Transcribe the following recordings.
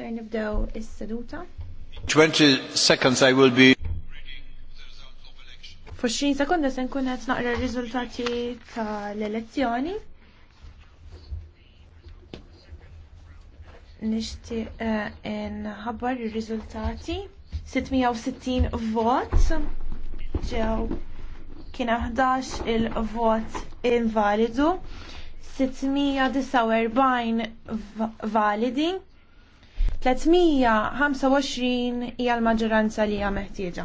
Ser nibdew is-seduta. 20 seconds I will be For 20 sekonda se nkun qed naqra r-riżultati tal-elezzjoni. Nixtieq eh, inħabbar ir-riżultati. 660 vot ġew kien 11 il-vot invalidu, 649 validi, 325 hija l-maġġoranza li hija meħtieġa.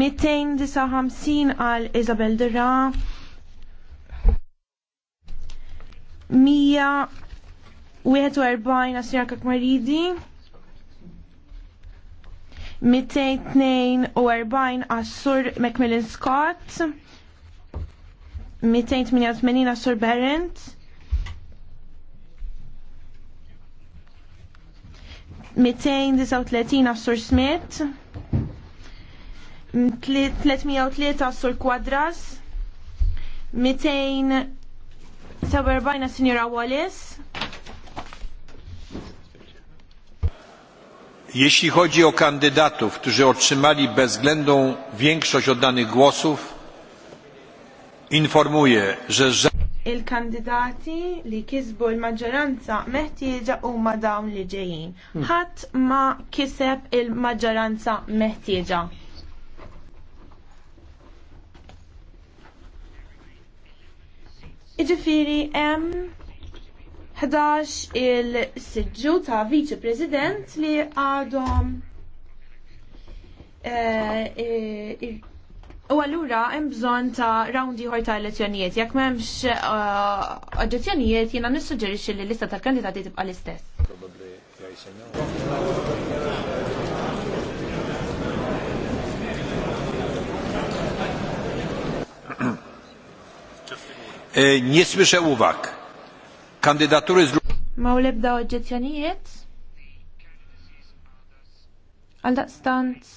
Mittejn disa' 259 għal Isabel Dura 141 għasjar kakmaridi 242 għas-sur Macmillan Scott 288 Sir Berend 239 Sir Smith 303 Sir Quadras 247 Signora Wallace Jeśli chodzi o kandydatów, którzy otrzymali bezwzględną większość oddanych głosów, informuje że il-kandidati li kisbu l-maġġoranza meħtieġa huma dawn li ġejjin. Hmm. Ħadd ma kiseb il-maġġoranza meħtieġa. Iġifieri hemm 11 il-siġġu ta' viċi president li għadhom eh, U allura hemm bżonn ta' round ieħor ta' elezzjonijiet. Jekk m'hemmx uh, oġġezzjonijiet jiena nissuġġerixxi li lista tal-kandidati tibqa' l-istess. E, nie uvak. uwag. Kandydatury Ma Maw lebda oġġezzjonijiet? Għaldaqstant.